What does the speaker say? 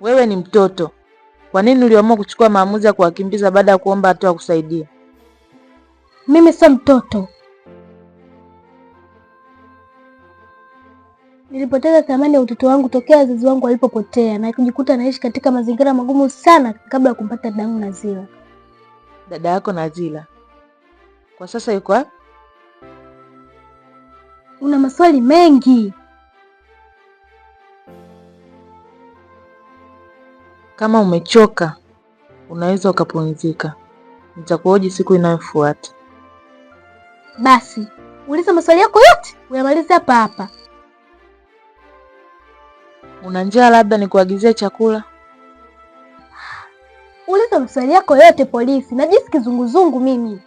Wewe ni mtoto, kwa nini uliamua kuchukua maamuzi ya kuwakimbiza baada ya kuomba hatua kusaidia? Mimi sio mtoto, nilipoteza thamani ya utoto wangu tokea wazazi wangu walipopotea na kujikuta naishi katika mazingira magumu sana kabla ya kumpata na Nazila. Dada yako na zila kwa sasa yuko? Una maswali mengi. Kama umechoka, unaweza ukapumzika. Nitakuhoji siku inayofuata. Basi uliza maswali yako yote uyamalize hapa hapa. Una njaa? Labda nikuagizie chakula. Uliza maswali yako yote polisi, najisikia kizunguzungu mimi.